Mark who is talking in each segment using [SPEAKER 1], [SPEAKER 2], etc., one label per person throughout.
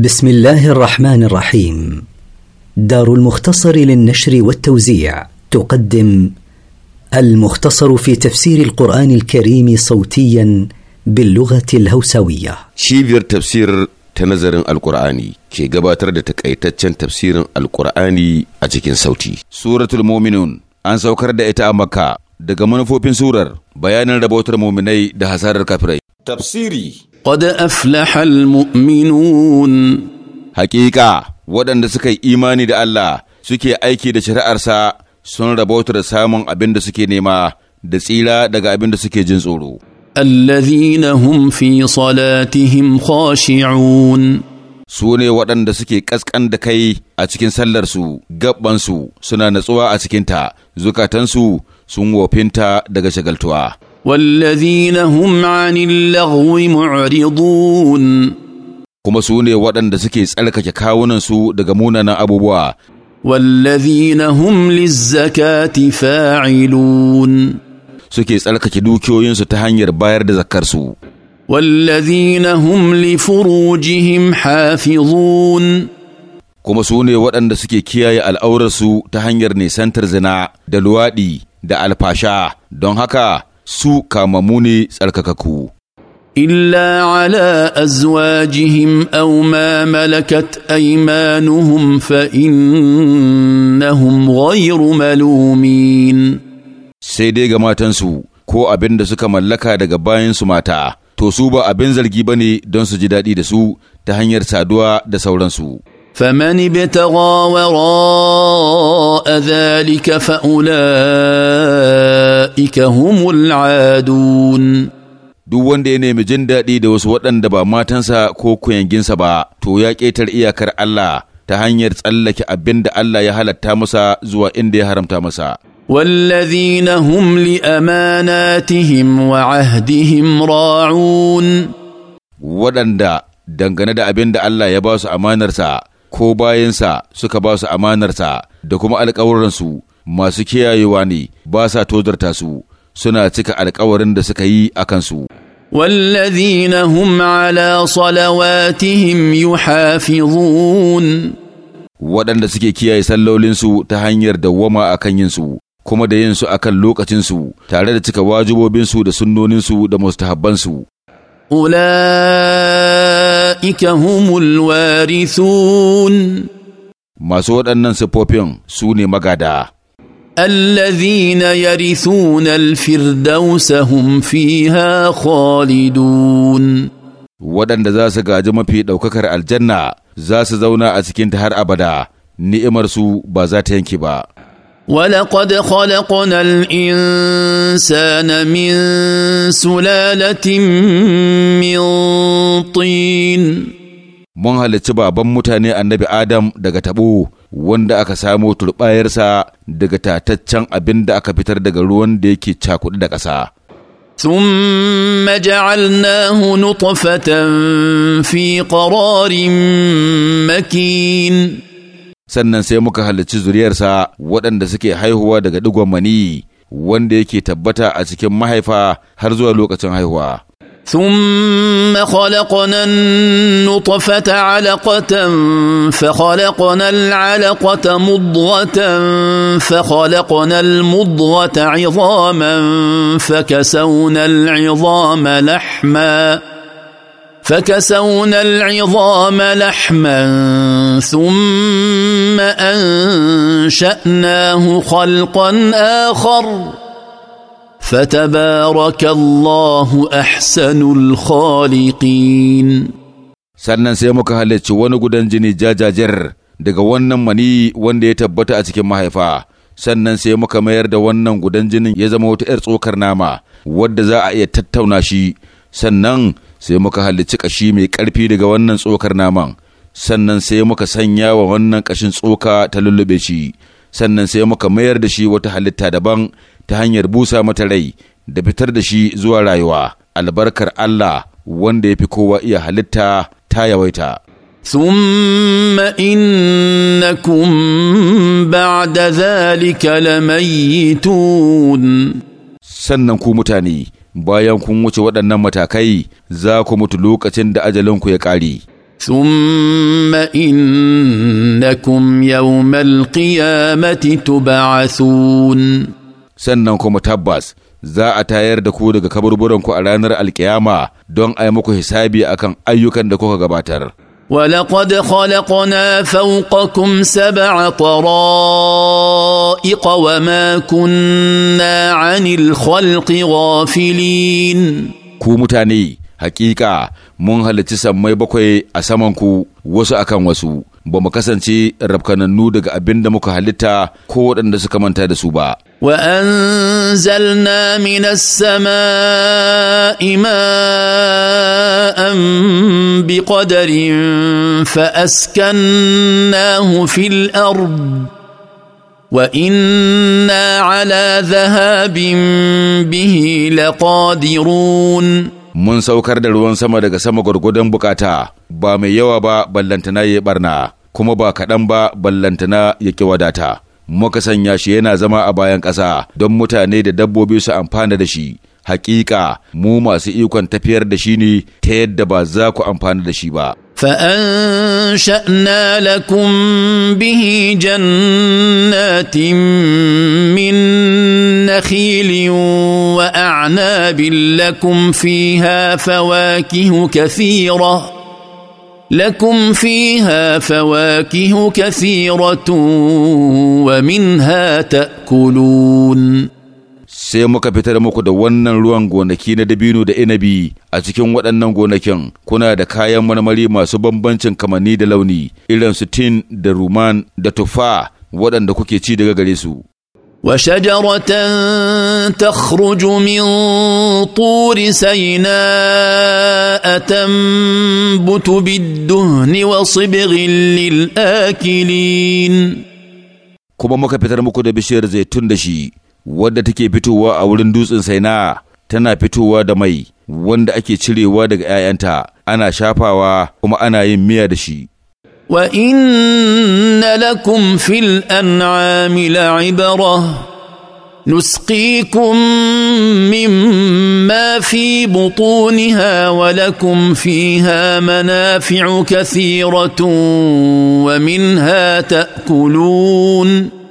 [SPEAKER 1] بسم الله الرحمن الرحيم دار المختصر للنشر والتوزيع تقدم المختصر في تفسير القرآن الكريم صوتيا باللغة الهوسوية
[SPEAKER 2] شيفير تفسير تنظر القرآني كي قباتر تكأيتتشن تفسير القرآني أجيكين صوتي سورة المؤمنون أن سوكر دائتا مكة daga manufofin surar bayanin rabotar مؤمني da hasarar kafirai. Tafsiri قد أفلح المؤمنون Haƙiƙa waɗanda suka yi imani da Allah suke aiki da shari'arsa sun rabauta da samun abin da suke nema da tsira daga abin da suke jin tsoro. الذين هم في صلاتهم خاشعون su ne waɗanda suke ƙasƙan da kai a cikin sallarsu gabansu suna natsuwa a cikinta zukatansu sun wofinta daga shagaltuwa. والذين هم عن اللغو معرضون kuma su ne waɗanda suke tsarkake kawunansu daga munanan abubuwa والذين هم للزكاة فاعلون suke tsarkake dukiyoyinsu ta hanyar bayar da zakarsu والذين هم لفروجهم حافظون kuma su ne waɗanda suke kiyaye al'aurarsu ta hanyar nisantar zina da luwaɗi da alfasha don haka su kamamu ne tsarkakaku.
[SPEAKER 1] Illa ala azwajihim أزواجهم ma malakat ملكت fa innahum ghayru
[SPEAKER 2] malumin. sai dai ga matansu ko abin da suka mallaka daga bayansu mata to su ba abin zargi ba ne don su ji daɗi da su ta hanyar saduwa da sauransu.
[SPEAKER 1] فمن ابتغى وراء
[SPEAKER 2] ذلك فأولئك هم العادون duk wanda ya nemi jin daɗi da wasu waɗanda ba matansa ko kuyanginsa ba to ya ƙetar iyakar Allah ta hanyar tsallake abin da Allah ya halatta masa zuwa inda ya haramta masa.
[SPEAKER 1] والذين هم لأماناتهم
[SPEAKER 2] وعهدهم راعون waɗanda dangane da abinda Allah ya ba su amanarsa ko bayansa suka ba su amanarsa da kuma alkawuransu masu kiyayewa ne ba sa tozarta su suna cika alkawarin da suka yi a kansu.
[SPEAKER 1] والذين هم على صلواتهم
[SPEAKER 2] يحافظون waɗanda suke kiyaye sallolinsu ta hanyar dawwama a kan yinsu kuma da yinsu a kan lokacinsu tare da cika wajibobinsu da sunnoninsu da mustahabbansu أولئك هم الوارثون masu waɗannan sifofin su ne magada.
[SPEAKER 1] الذين يرثون الفردوس هم
[SPEAKER 2] فيها خالدون waɗanda za su gaji mafi ɗaukakar aljanna za su zauna a cikinta har abada ni'imarsu ba za ta yanke ba
[SPEAKER 1] ولقد خلقنا الانسان من
[SPEAKER 2] سلاله من طين mun halarci baban mutane annabi adam daga taɓo wanda aka samo turbayarsa daga tataccen abin da aka fitar daga ruwan da yake cakuɗi da ƙasa ثم جعلناه نطفه في قرار مكين sannan sai muka halicci zuriyarsa waɗanda suke haihuwa daga digon mani wanda yake tabbata a cikin mahaifa har zuwa lokacin haihuwa.
[SPEAKER 1] ثم خلقنا النطفة علقة فخلقنا العلقة مضغة فخلقنا المضغة عظاما فكسونا العظام لحماً فكسونا العظام لحما ثم انشاناه خلقا اخر فتبارك الله
[SPEAKER 2] احسن الخالقين sannan sai muka halarci wani gudan jini jajajar daga wannan mani wanda ya tabbata a cikin mahaifa sannan sai muka mayar da wannan gudan jinin ya zama wata 'yar tsokar nama wadda za a iya tattauna shi sannan sai muka halicci kashi mai ƙarfi daga wannan tsokar naman sannan sai muka sanya wa wannan kashin tsoka ta lullube shi sannan sai muka mayar da shi wata halitta daban ta hanyar busa mata rai da fitar da shi zuwa rayuwa albarkar Allah wanda ya fi kowa iya halitta ta yawaita
[SPEAKER 1] ثم انكم بعد ذلك
[SPEAKER 2] لميتون sannan ku mutane bayan kun wuce waɗannan matakai za ku mutu lokacin da ajalinku ya ƙare.
[SPEAKER 1] ثم
[SPEAKER 2] إنكم يوم القيامة sun. sannan kuma tabbas za a tayar da ku daga kaburburanku a ranar alkiyama don a yi muku hisabi akan ayyukan da kuka gabatar.
[SPEAKER 1] ولقد خلقنا فوقكم سبع طرائق
[SPEAKER 2] وما كنا عن الخلق غافلين ku mutane hakika mun halarci sammai bakwai a samanku wasu akan wasu ba mu kasance rafkanannu daga abin da muka halitta ko waɗanda suka manta da su ba.
[SPEAKER 1] وأنزلنا من السماء ماء بقدر فأسكناه في الأرض وإنا على bihi la لقادرون
[SPEAKER 2] mun saukar da ruwan sama daga sama gwargwadon bukata ba mai yawa ba ballantana ya barna kuma ba kaɗan ba ballantana ya ki wadata muka sanya shi yana zama a bayan ƙasa don mutane da dabbobi su amfana da shi hakika mu masu ikon tafiyar da shi ne ta yadda ba za ku amfana da shi ba.
[SPEAKER 1] فأنشأنا لكم به جنات من نخيل واعناب لكم فيها فواكه كثيره لكم فيها فواكه كثيره ومنها تاكلون
[SPEAKER 2] sai muka fitar muku da wannan ruwan gonaki na dabino da inabi a cikin waɗannan gonakin kuna da kayan marmari masu bambancin kamanni da launi irin su tin da ruman da tufa waɗanda kuke ci daga gare su
[SPEAKER 1] وشجرة تخرج من طور سيناء تنبت بالدهن
[SPEAKER 2] وصبغ للآكلين kuma muka fitar muku da bishiyar zaitun da shi wadda take fitowa a wurin dutsen saina tana fitowa da mai wanda ake cirewa daga 'ya'yanta ana shafawa kuma ana yin miya da shi
[SPEAKER 1] وان لكم في الانعام لعبره نسقيكم مما في بطونها ولكم فيها منافع كثيره ومنها تاكلون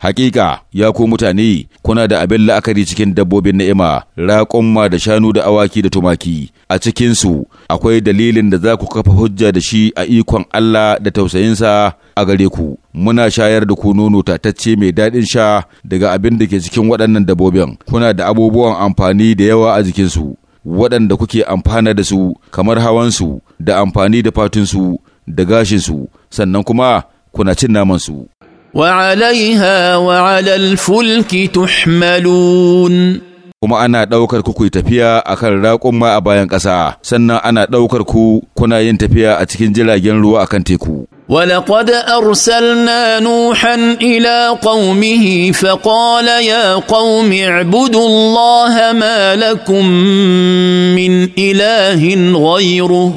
[SPEAKER 2] Hakika, ya ku mutane, kuna da abin la'akari cikin dabbobin ni'ima, raƙumma da shanu da awaki da tumaki, a cikinsu akwai dalilin da za ku kafa hujja da shi a ikon Allah da tausayinsa a gare ku. Muna shayar da ku nono tatacce mai daɗin sha daga abin da ke cikin waɗannan dabbobin, kuna da abubuwan amfani da yawa a jikinsu, waɗanda kuke amfana da su, kamar hawansu, da amfani da fatunsu, da gashinsu, sannan kuma kuna cin namansu. وعليها وعلى الفلك تحملون kuma ana ɗaukar ku tafiya a kan raƙumma a bayan ƙasa sannan ana ɗaukar ku kuna yin tafiya a cikin jiragen ruwa a kan teku
[SPEAKER 1] ولقد أرسلنا نوحا إلى قومه فقال يا قوم اعبدوا الله ما لكم من إله غيره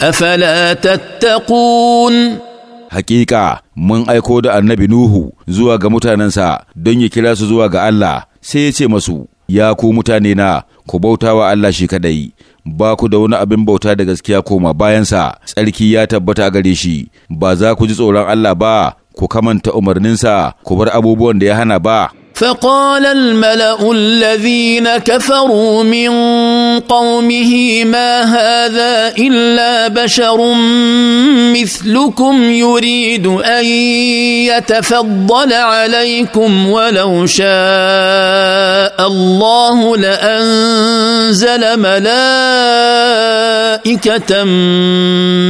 [SPEAKER 1] أفلا تتقون
[SPEAKER 2] Hakika mun aiko da annabi Nuhu zuwa ga mutanensa don ya kira su zuwa ga Allah sai ya ce masu, Ya ku mutane na, ku bauta wa Allah shi kaɗai, ba ku da wani abin bauta da gaskiya koma bayansa, tsarki ya tabbata gare shi, ba za ku ji tsoron Allah ba, ku kamanta umarninsa, ku bar abubuwan da ya hana ba.
[SPEAKER 1] فقال الملا الذين كفروا من قومه ما هذا الا بشر مثلكم يريد ان يتفضل عليكم ولو شاء الله لانزل ملائكه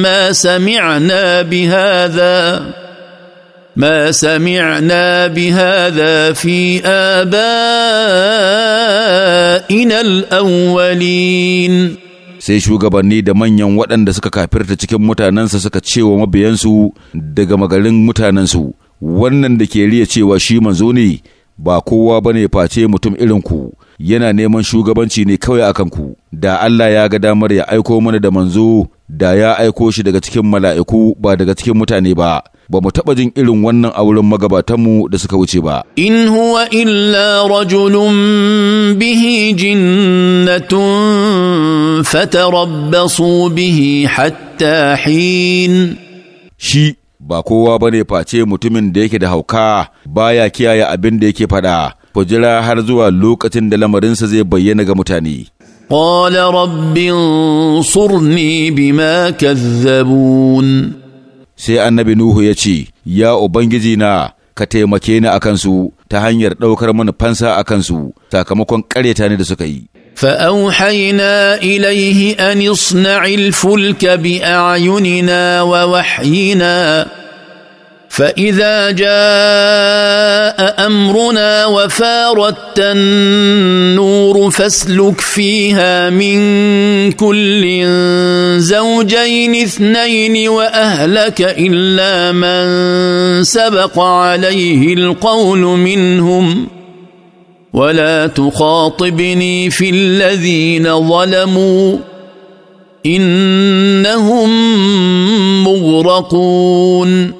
[SPEAKER 1] ما سمعنا بهذا ما سمعنا
[SPEAKER 2] بهذا في آبائنا الأولين sai shugabanni da manyan waɗanda suka kafirta cikin mutanensa suka ce wa mabiyansu daga magarin mutanensu wannan da ke riya cewa shi manzo ne ba kowa ba ne face mutum irinku yana neman shugabanci ne kawai a kanku da Allah ya ga damar ya aiko mana da manzo da ya aiko shi daga cikin mala'iku ba daga cikin mutane ba ba mu taɓa jin irin wannan a wurin magabatanmu da suka wuce ba.
[SPEAKER 1] In huwa illa rajulun bihi
[SPEAKER 2] jinnatun fatarabbasu bihi hatta hin. Shi ba kowa ba ne face mutumin da yake da hauka baya kiyaye abin da yake faɗa, ku jira har zuwa lokacin da lamarinsa zai bayyana ga mutane. قال Rabbi'n surni bima kazzabun. sai annabi Nuhu ya ce, Ya Ubangiji na, ka taimake ni a kansu ta hanyar ɗaukar mana fansa a kansu sakamakon ƙareta ne da suka yi.
[SPEAKER 1] فأوحينا إليه أن اصنع الفلك بأعيننا ووحينا فاذا جاء امرنا وفارت النور فاسلك فيها من كل زوجين اثنين واهلك الا من سبق عليه القول منهم ولا تخاطبني في الذين ظلموا انهم مغرقون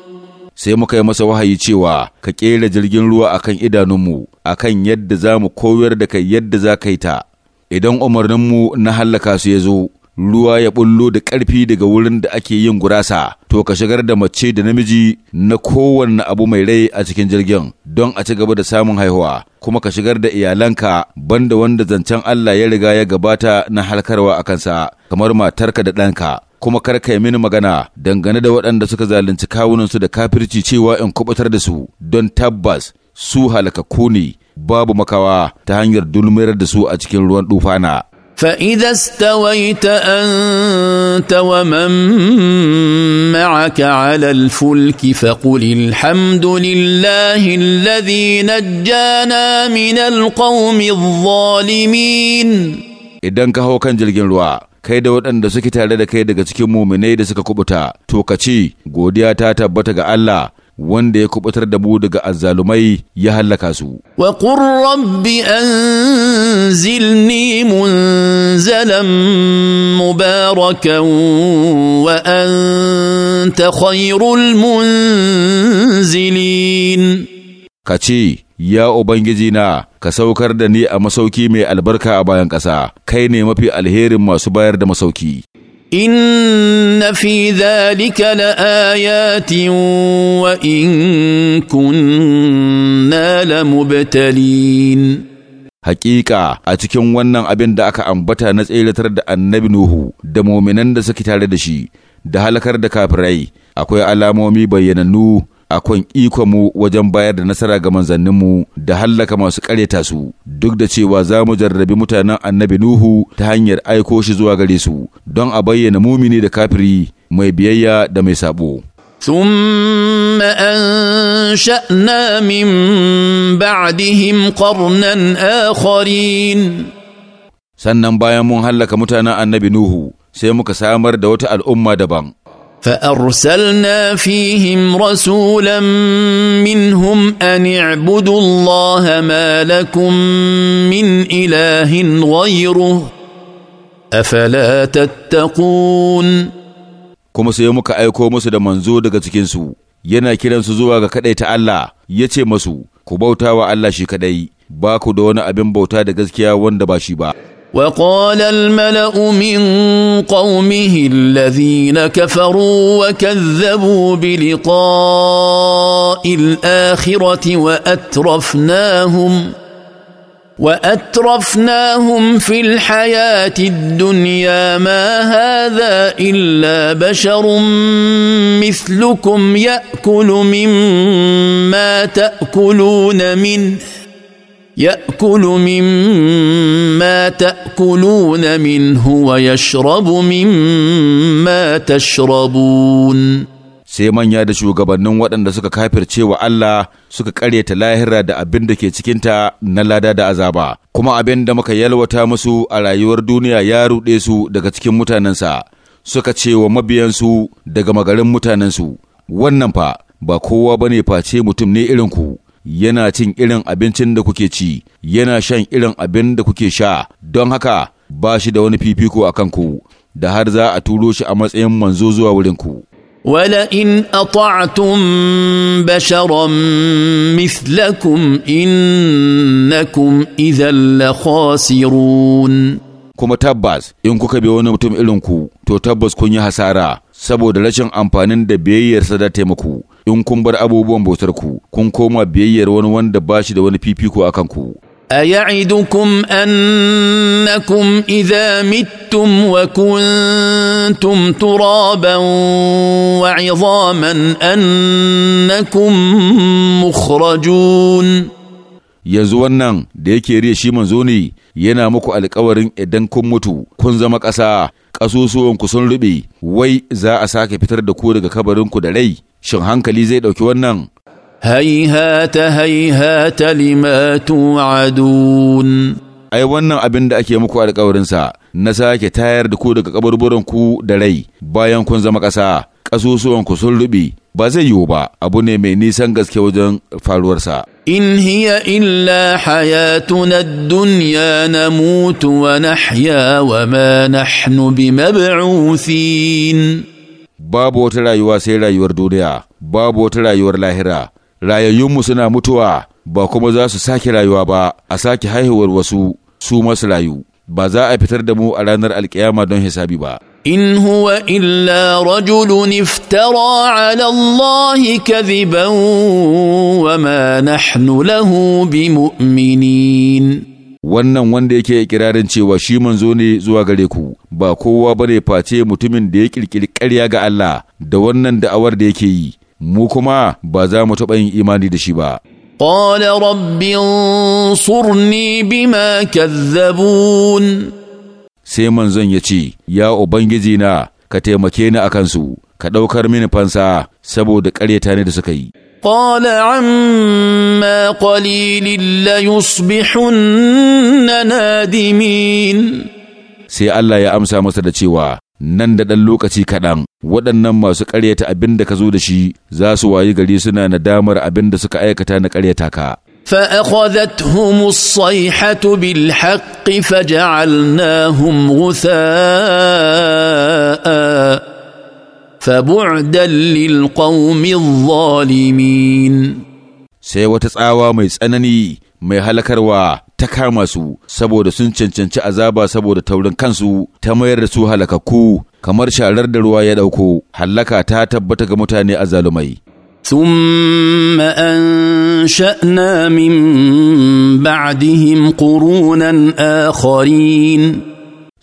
[SPEAKER 2] sai muka yi masa wahayi cewa ka ƙera jirgin ruwa a kan idanunmu a kan yadda za mu koyar da kai yadda za ka yi ta idan umarninmu na hallaka su ya zo ruwa ya bullo da ƙarfi daga wurin da ake yin gurasa, to ka shigar da mace da namiji na kowanne abu mai rai a cikin jirgin don a ci gaba da samun haihuwa, kuma ka shigar da iyalanka banda wanda zancen Allah ya riga ya gabata na halkarwa a kansa, kamar matarka da ɗanka. kuma kar ka yi mini magana dangane da waɗanda suka zalunci kawunansu da kafirci cewa in kubutar da su don tabbas su halakaku ne babu makawa ta hanyar dulmayar da su a cikin ruwan dufana.
[SPEAKER 1] فإذا استويت أنت ومن معك على الفلك فقل الحمد لله الذي نجانا من القوم الظالمين.
[SPEAKER 2] إذا كان جلجين kai da waɗanda suke tare da kai daga cikin muminai da suka kubuta to ka ce godiya ta tabbata ga Allah wanda ya kubutar da mu daga azzalumai ya hallaka su.
[SPEAKER 1] Wa rabbi anzilni munzalan mubarakan wa anta khairul munzilin.
[SPEAKER 2] Ka ce, Ya Ubangijina, ka saukar da ni a masauki mai albarka a bayan ƙasa, kai ne mafi alherin masu bayar da masauki.
[SPEAKER 1] ان في ذلك
[SPEAKER 2] لايات وان كنا لمبتلين Hakika a cikin wannan abin da aka ambata na tseratar da annabi Nuhu da mominan da suke tare da shi da halakar da kafirai akwai alamomi bayyanannu akwai mu wajen bayar da nasara ga manzanninmu da hallaka masu ƙareta su duk da cewa za mu jarrabi mutanen annabi Nuhu ta hanyar aiko shi zuwa gare su don a bayyana mumini da kafiri mai biyayya da mai sabo.
[SPEAKER 1] ثم أنشأنا من بعدهم قرنا آخرين
[SPEAKER 2] sannan bayan mun hallaka mutanen annabi Nuhu sai muka samar da wata al'umma daban
[SPEAKER 1] فارسلنا فيهم رسولا منهم ان اعبدوا الله ما لكم من اله غيره
[SPEAKER 2] افلا تتقون kuma sai muka aiko musu da manzo daga cikinsu yana kiransu zuwa ga kaɗai ta Allah yace masu ku bautawa Allah shi kaɗai baku da wani abin bauta da gaskiya wanda ba shi ba وقال
[SPEAKER 1] الملا من قومه الذين كفروا وكذبوا بلقاء الاخره واترفناهم واترفناهم في الحياه الدنيا ما هذا الا بشر مثلكم ياكل مما تاكلون منه ياكل مما تاكلون
[SPEAKER 2] منه ويشرب مما تشربون sai manya da shugabannin waɗanda suka kafirce wa Allah suka ƙaryata lahira da abin da ke cikinta na lada da azaba kuma abin da muka yalwata musu a rayuwar duniya ya ruɗe su daga cikin mutanensa suka ce wa mabiyansu daga magarin mutanensu wannan fa ba kowa bane face mutum ne irin ku yana cin irin abincin da kuke ci, yana shan irin abin da kuke sha, don haka ba shi da wani fifiko a kanku, da har za a turo shi a matsayin manzo zuwa wurinku.
[SPEAKER 1] ولئن اطعتم بشرا مثلكم
[SPEAKER 2] انكم اذا لخاسرون kuma tabbas in kuka bi wani mutum irin ku to tabbas kun yi hasara saboda rashin amfanin da biyayyarsa da taimako in kun bar abubuwan bautar ku kun koma biyayyar wani wanda ba shi da wani fifiko akan ku
[SPEAKER 1] أيعدكم أنكم إذا متم وكنتم ترابا وعظاما أنكم مخرجون
[SPEAKER 2] yanzu wannan da yake riya shi manzo ne yana muku alkawarin idan kun mutu kun zama ƙasa ƙasusuwanku sun ruɓe wai za a sake fitar da ku daga kabarinku da rai shin hankali zai ɗauki wannan haihata haihata lima tu'adun ai wannan abin da ake muku sa na sake tayar da ku daga ku da rai bayan kun zama ƙasa ƙasusuwanku sun ruɓe ba zai yiwu ba abu ne mai nisan gaske wajen faruwarsa ان
[SPEAKER 1] هي الا حياتنا الدنيا نموت ونحيا
[SPEAKER 2] وما نحن بمبعوثين babu wata rayuwa sai rayuwar duniya babu wata rayuwar lahira rayayyunmu suna mutuwa ba kuma za su sake rayuwa ba a sake haihuwar wasu su masu rayu ba za a fitar da mu a ranar alkiyama don hisabi ba
[SPEAKER 1] ان هو الا رجل افترى على الله كذبا وما نحن له
[SPEAKER 2] بمؤمنين wannan wanda yake ikirarin cewa shi manzo ne zuwa gare ku ba kowa bane face mutumin da ya kirkiri ƙarya ga Allah da wannan da'awar da yake yi mu kuma ba za mu taɓa yin imani da shi ba
[SPEAKER 1] قال رب
[SPEAKER 2] انصرني بما كذبون sai manzon ya ce, Ya Ubangiji na, ka taimake ni a kansu, ka ɗaukar mini fansa saboda ƙaryata ne da suka yi.
[SPEAKER 1] قال عما قليل ليصبحن نادمين
[SPEAKER 2] sai Allah ya amsa masa da cewa nan da ɗan lokaci kaɗan waɗannan masu ƙaryata abin da ka zo da shi za su wayi gari suna nadamar abin da suka aikata na ƙaryata ka.
[SPEAKER 1] فاخذتهم الصيحه بالحق فجعلناهم غثاء فبعدا
[SPEAKER 2] للقوم الظالمين sai wata tsawa mai tsanani mai halakarwa ta kama su saboda sun cancanci azaba saboda taurin kansu ta mayar da su halakakku kamar sharar da ruwa ya ɗauko hallaka ta tabbata ga mutane a zalumai
[SPEAKER 1] ثم انشانا من
[SPEAKER 2] بعدهم قرونا اخرين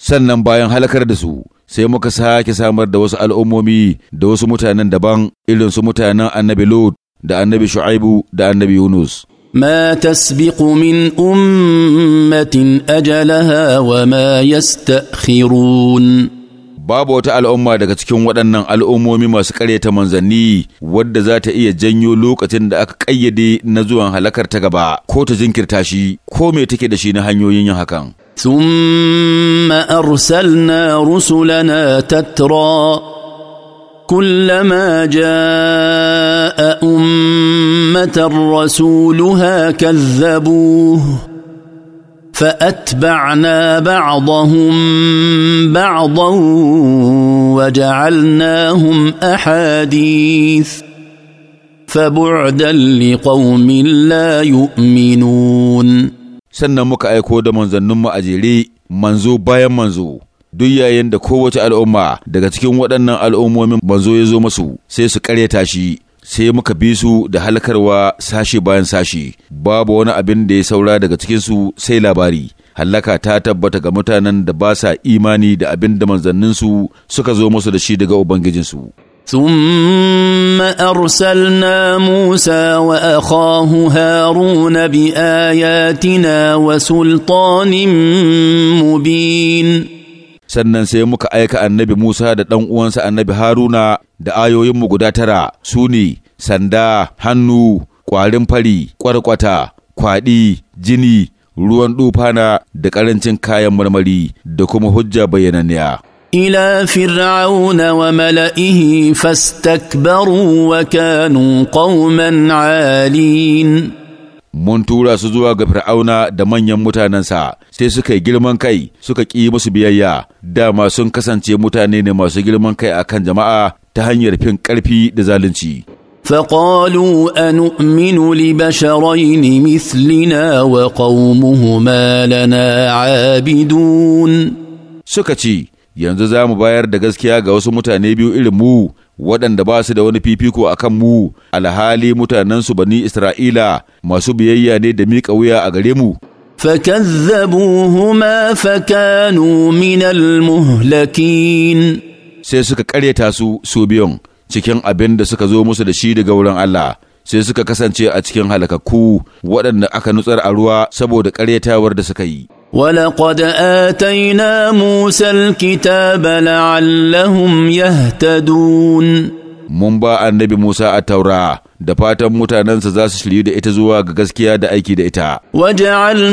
[SPEAKER 2] sannan bayan halakar da su sai muka sake samar da wasu al'ummomi da wasu mutanen daban irin su mutanen annabi Lot da annabi Shu'aibu da annabi Yunus ما
[SPEAKER 1] تسبق من أمة أجلها
[SPEAKER 2] وما يستأخرون babu wata al'umma daga cikin waɗannan al'ummomi masu ƙaryata manzanni wadda za ta iya janyo lokacin da aka ƙayyade na zuwan halakar ta gaba ko ta jinkirta shi ko me take da shi na hanyoyin yin hakan.
[SPEAKER 1] ثم أرسلنا رسلنا تترى كلما جاء أمة رسولها كذبوه فاتبعنا بعضهم بعضا وجعلناهم احاديث
[SPEAKER 2] فبعدا لقوم لا يؤمنون sannan muka aiko da manzanninmu a jere manzo bayan manzo duk yayin da kowace al'umma daga cikin waɗannan al'ummomin manzo ya zo masu sai su ƙaryata shi sai muka bi su da halakarwa sashe bayan sashe babu wani abin da ya saura daga cikinsu sai labari hallaka ta tabbata ga mutanen da ba sa imani da abin da manzanninsu suka zo musu da shi daga ubangijinsu
[SPEAKER 1] ثم أرسلنا موسى وأخاه هارون
[SPEAKER 2] بآياتنا وسلطان مبين sannan sai muka aika annabi Musa da ɗan uwansa annabi Haruna da ayoyinmu guda tara su ne sanda, hannu, ƙwarin fari, ƙwarƙwata, kwaɗi, jini, ruwan ɗufana da ƙarancin kayan marmari da kuma hujja bayyananniya.
[SPEAKER 1] wa mala'ihi fastakbaru
[SPEAKER 2] wa kanu ƙauman alin mun tura su zuwa ga fir'auna da manyan mutanensa sai suka yi girman kai suka ƙi musu biyayya dama sun kasance mutane ne masu girman kai akan jama'a ta hanyar fin ƙarfi da zalunci.
[SPEAKER 1] فقالوا أنؤمن لبشرين
[SPEAKER 2] مثلنا وقومهما Abidun. Suka ce, yanzu za mu bayar da gaskiya ga wasu mutane biyu irin mu waɗanda ba su da wani fifiko a kan mu alhali mutanensu bani Isra'ila masu biyayya ne da miƙa wuya a gare mu. فكذبوهما فكانوا من sai suka ƙaryata su su biyun cikin abin da suka zo musu da shi daga wurin Allah sai suka kasance a cikin halakakku waɗanda aka nutsar a ruwa saboda ƙaryatawar da suka yi.
[SPEAKER 1] ولقد آتينا
[SPEAKER 2] موسى الكتاب لعلهم يهتدون mun ba annabi Musa a taura da fatan mutanensa za su shiryu da ita zuwa ga gaskiya da aiki da ita.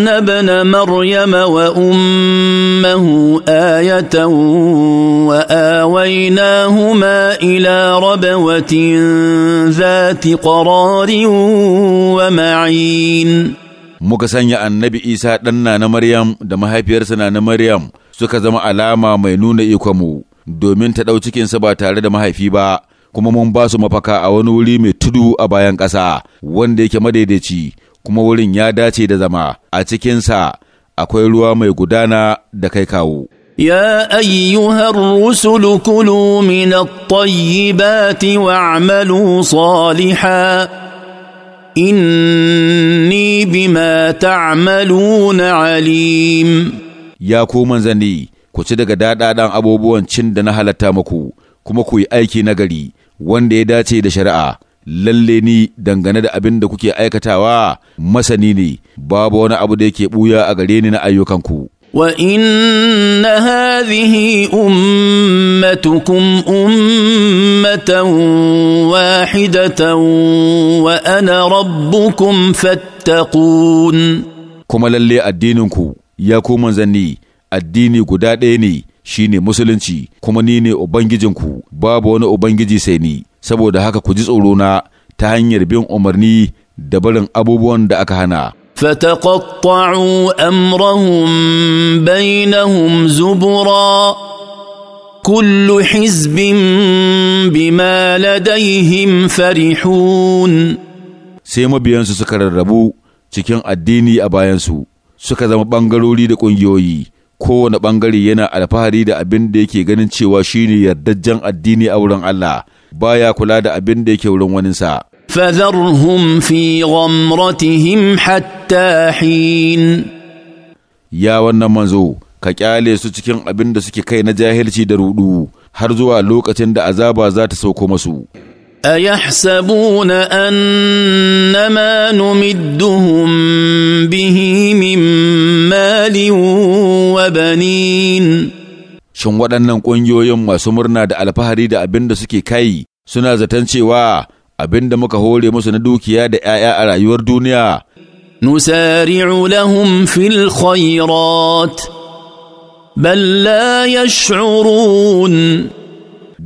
[SPEAKER 1] na bana Maryama wa ummahu ayatan wa huma ila
[SPEAKER 2] rabawatin zati qararin wa ma'in. Muka sanya annabi Isa ɗanna na Maryam da mahaifiyarsa na na Maryam suka zama alama mai nuna ikonmu domin ta ɗau cikinsa ba tare da mahaifi ba. kuma mun ba su mafaka a wani wuri mai tudu a bayan ƙasa wanda yake madaidaici kuma wurin ya dace da zama a cikinsa akwai ruwa mai gudana da kai kawo.
[SPEAKER 1] يا ايها الرسل كلوا من الطيبات واعملوا صالحا ta
[SPEAKER 2] بما na عليم Ya ku manzanni ku ci daga daɗaɗan abubuwan cin da na halatta muku kuma ku yi aiki nagari wanda ya dace da shari'a lalle ni dangane da abin da kuke aikatawa masani ne babu wani abu da yake buya a gare ni na ayyukanku
[SPEAKER 1] وان هذه امتكم امه
[SPEAKER 2] واحده ana ربكم فاتقون kuma lalle addininku ya ku zanni addini guda ɗaya ne shine musulunci kuma ni ne ubangijinku babu wani ubangiji sai ni saboda haka ku ji tsorona ta hanyar bin umarni da barin abubuwan da aka hana
[SPEAKER 1] فتقطعوا امرهم بينهم زبرا كل حزب بما
[SPEAKER 2] لديهم فرحون sai mabiyansu suka rarrabu cikin addini a bayansu suka zama ɓangarori da ƙungiyoyi kowane ɓangare yana alfahari da abin da yake ganin cewa shine yardajjen addini a wurin Allah baya kula da abin da yake wurin waninsa.
[SPEAKER 1] فذرهم في غمرتهم
[SPEAKER 2] حتى حين يا wannan manzo ka kyale su cikin abin da suke kai na jahilci da rudu har zuwa lokacin da azaba za ta sauko masu
[SPEAKER 1] أيحسبون أنما نمدهم
[SPEAKER 2] به من مال وبنين Shin waɗannan ƙungiyoyin masu murna da alfahari da abin da suke kai suna zaton cewa abin da muka hore musu na dukiya da ‘ya'ya a rayuwar duniya. Nusari'u lahum fil khairat, bal
[SPEAKER 1] la yash'urun.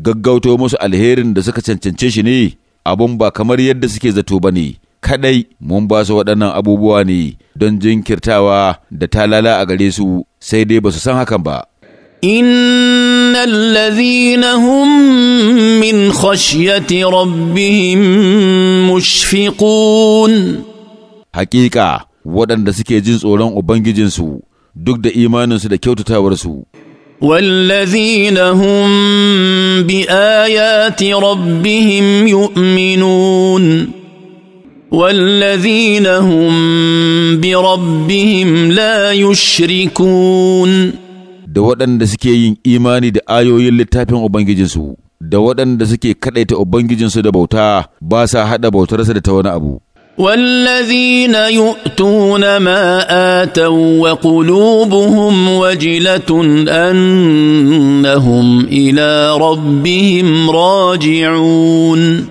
[SPEAKER 2] Gaggauto musu alherin da suka cancance shi ne, abun ba kamar yadda suke zato ba ne. kadai mun ba su waɗannan abubuwa ne don jinkirtawa da talala a gare su sai dai ba su san hakan ba.
[SPEAKER 1] إن الذين هم من خشية
[SPEAKER 2] ربهم مشفقون waɗanda suke jin tsoron Ubangijinsu duk da imaninsu da kyautatawarsu.
[SPEAKER 1] والذين هم بآيات rabbihim يؤمنون والذين هم
[SPEAKER 2] بربهم لا يشركون da waɗanda suke yin imani da ayoyin littafin Ubangijinsu, da waɗanda suke kaɗaita Ubangijinsu da bauta ba sa haɗa bautarsa da ta wani abu.
[SPEAKER 1] والذين يؤتون ما آتوا وقلوبهم وجلة
[SPEAKER 2] أنهم إلى ربهم راجعون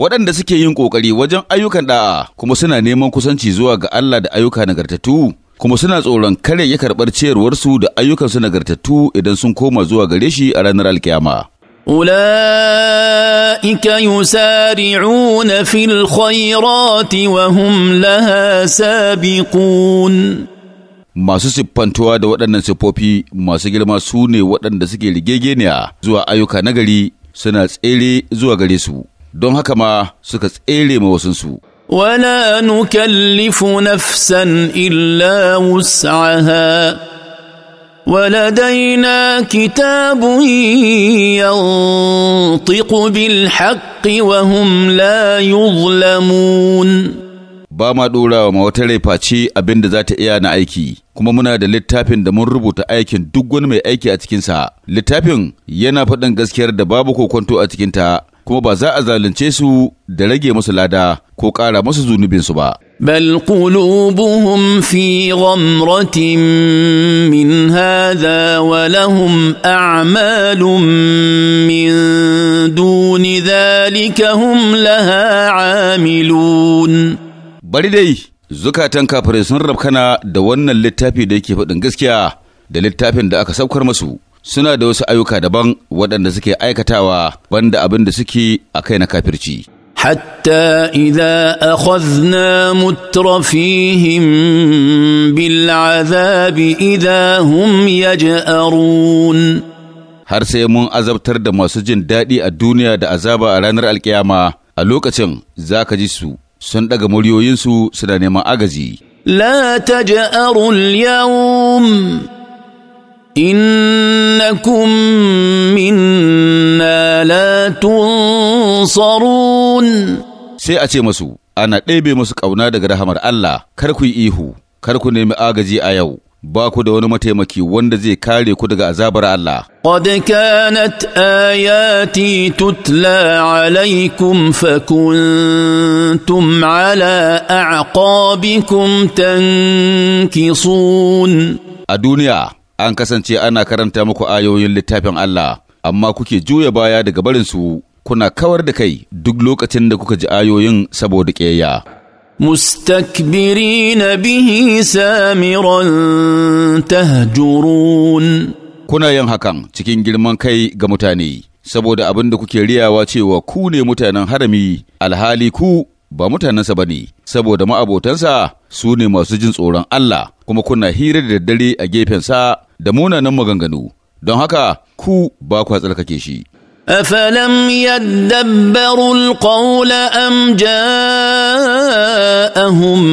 [SPEAKER 2] waɗanda suke yin ƙoƙari wajen ayyukan ɗa'a kuma suna neman kusanci zuwa ga Allah da ayyuka nagartattu kuma suna tsoron kare ya karɓar ciyarwarsu da ayyukan ayyukansu nagartattu idan sun koma zuwa gare shi a ranar alkiyama.
[SPEAKER 1] أولئك يسارعون في الخيرات وهم لها سابقون
[SPEAKER 2] masu siffantuwa da waɗannan siffofi masu girma su ne waɗanda suke rigegeniya zuwa ayyuka nagari suna tsere zuwa gare su don haka ma suka tsere ma wasunsu.
[SPEAKER 1] ولا نكلف نفسا الا وسعها ولدينا كتاب ينطق بالحق وهم لا يظلمون
[SPEAKER 2] ba ma ɗorawa ma wata rai face abin da za ta iya na aiki kuma muna da littafin da mun rubuta aikin duk wani mai aiki a cikinsa littafin yana faɗin gaskiyar da babu kokonto a cikinta kuma ba za a zalunce su da rage musu lada ko ƙara musu zunubinsu ba.
[SPEAKER 1] بل قلوبهم في غمرة من هذا ولهم أعمال من دون ذلك
[SPEAKER 2] هم لها عاملون bari dai zukatan kafirai sun rabkana da wannan littafi da yake faɗin gaskiya da littafin da aka saukar masu suna da wasu ayyuka daban waɗanda suke aikatawa banda abin da suke a kai na kafirci.
[SPEAKER 1] حتى اذا اخذنا مترفيهم بالعذاب اذا هم يجارون
[SPEAKER 2] har sai mun azabtar da masu jin daɗi a duniya da azaba a ranar alkiyama a lokacin za ka ji su sun ɗaga muryoyinsu suna neman agaji
[SPEAKER 1] la taj'arul yawm انكم
[SPEAKER 2] منا لا تنصرون sai a ce masu ana ɗebe masu ƙauna daga rahamar Allah kar ku yi ihu kar ku nemi agaji a yau ba ku da wani mataimaki wanda zai kare ku daga azabar Allah
[SPEAKER 1] قد ayati آياتي تتلى عليكم فكنتم على أعقابكم
[SPEAKER 2] تنكصون a duniya an kasance ana karanta muku ayoyin littafin Allah, amma kuke juya baya daga barinsu kuna kawar da kai duk lokacin da kuka ji ayoyin saboda ƙeya. Mustakbiri na
[SPEAKER 1] bihi samiran tahjurun.
[SPEAKER 2] Kuna yin hakan cikin girman kai ga mutane, saboda abin da kuke riyawa cewa ku ne mutanen harami alhali ku ba mutanensa ba ne, saboda ma'abotansa su ne masu jin tsoron Allah kuma kuna hira da daddare a gefensa da munanan maganganu don haka ku ba kwa tsarkake shi
[SPEAKER 1] أفلم يدبروا القول أم جاءهم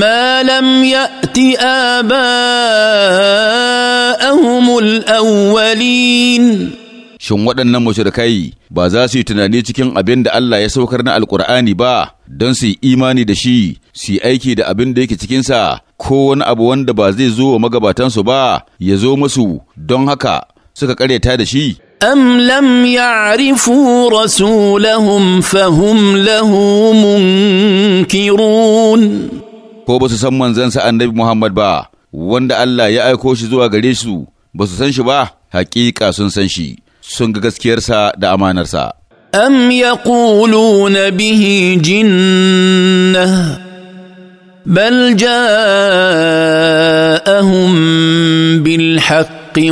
[SPEAKER 1] ما لم يأت آباءهم الأولين
[SPEAKER 2] shin waɗannan mashirkai ba za su yi tunani cikin abin da Allah ya saukar na alkur'ani ba don su yi imani da shi su yi aiki da abin da yake cikinsa ko wani abu wanda ba zai zo wa magabatansu ba ya zo musu don haka suka karyata da shi
[SPEAKER 1] أم لم يعرفوا رسولهم
[SPEAKER 2] فهم
[SPEAKER 1] له منكرون
[SPEAKER 2] ko ba su san manzansa annabi Muhammad ba wanda Allah ya aiko shi zuwa gare su ba su san shi ba Haƙiƙa sun san shi sun ga gaskiyarsa da amanarsa.
[SPEAKER 1] Am na bihi jinna bal ja'ahum bil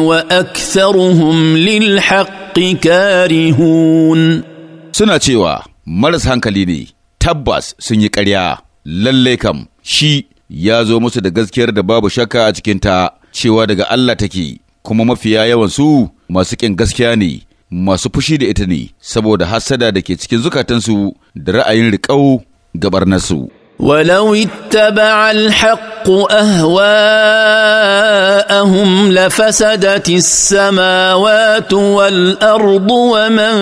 [SPEAKER 1] wa
[SPEAKER 2] aktharuhum lil haƙƙi karihun. Suna cewa maras hankali ne, tabbas sun yi ƙarya, lallai kam shi ya zo musu da gaskiyar da babu shakka a cikinta cewa daga Allah take, kuma mafiya yawan su masu ƙin gaskiya ne masu fushi da ita ne saboda hassada da ke cikin zukatansu da ra'ayin riƙau gabarnarsu.
[SPEAKER 1] ولو اتبع الحق اهواءهم لفسدت السماوات والارض ومن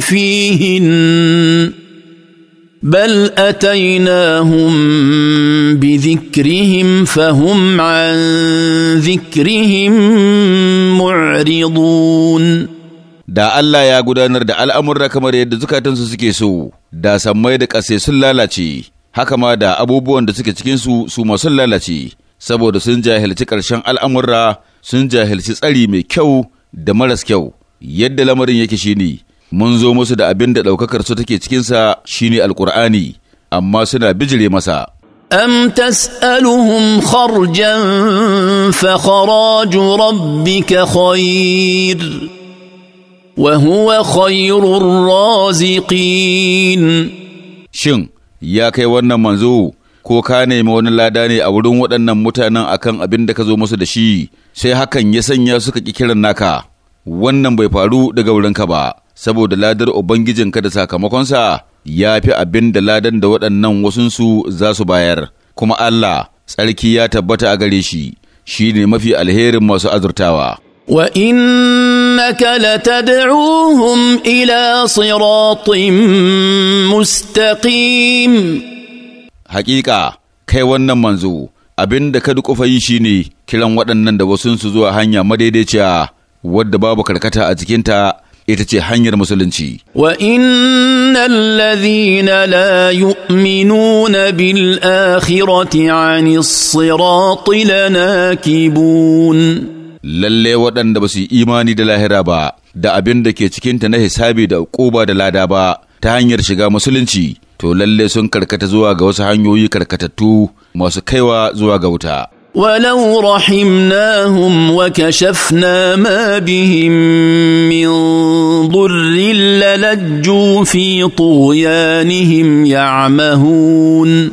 [SPEAKER 1] فيهن بل اتيناهم بذكرهم
[SPEAKER 2] فهم عن ذكرهم معرضون da Allah ya gudanar da al'amurra kamar yadda zukatansu suke so, da sammai da ƙasai sun lalace, haka ma da abubuwan da suke cikinsu su ma sun lalace, saboda sun jahilci ƙarshen al'amurra sun jahilci tsari mai kyau da maras kyau, yadda lamarin yake shi ne. mun zo musu da abin da ɗaukakar su take cikinsa shine alkur'ani amma suna bijire masa
[SPEAKER 1] أم تسألهم خرجا rabbika ربك
[SPEAKER 2] خير وهو خير الرازقين shin ya kai wannan manzo ko ka nemi wani lada ne a wurin waɗannan mutanen akan abin da ka zo musu da shi sai hakan ya sanya suka ƙi kiran naka wannan bai faru daga wurinka ba saboda ladar Ubangijinka da sakamakonsa ya fi abin da ladan da waɗannan wasunsu za su bayar, kuma Allah tsarki ya tabbata a gare shi, shi ne mafi alherin masu azurtawa.
[SPEAKER 1] Wa innaka latad'uhum ila siratin mustaqim.
[SPEAKER 2] Hakika, kai wannan manzo, abin da ka duƙufa yi shi ne kiran waɗannan da wasunsu zuwa hanya madaidaiciya wadda babu karkata a jikinta. ita ce hanyar musulunci.
[SPEAKER 1] Wa innal ladhina la yu'minuna bil akhirati 'anis sirati lanakibun.
[SPEAKER 2] lalle waɗanda ba su yi imani da lahira ba, da abin da ke cikinta na hisabi da ƙuba da lada ba, ta hanyar shiga musulunci, to lalle sun karkata zuwa ga wasu hanyoyi karkatattu masu kaiwa zuwa ga wuta.
[SPEAKER 1] ولو رحمناهم وكشفنا ما بهم من ضر للجوا في
[SPEAKER 2] طغيانهم يعمهون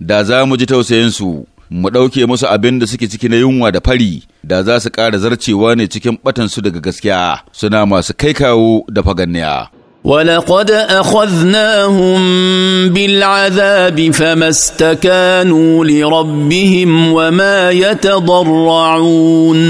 [SPEAKER 2] da za mu ji tausayinsu mu ɗauke musu abin da suke ciki na yunwa da fari da za su ƙara zarcewa ne cikin ɓatansu daga gaskiya suna masu kai kawo da faganniya.
[SPEAKER 1] ولقد اخذناهم بالعذاب فما استكانوا لربهم وما
[SPEAKER 2] يتضرعون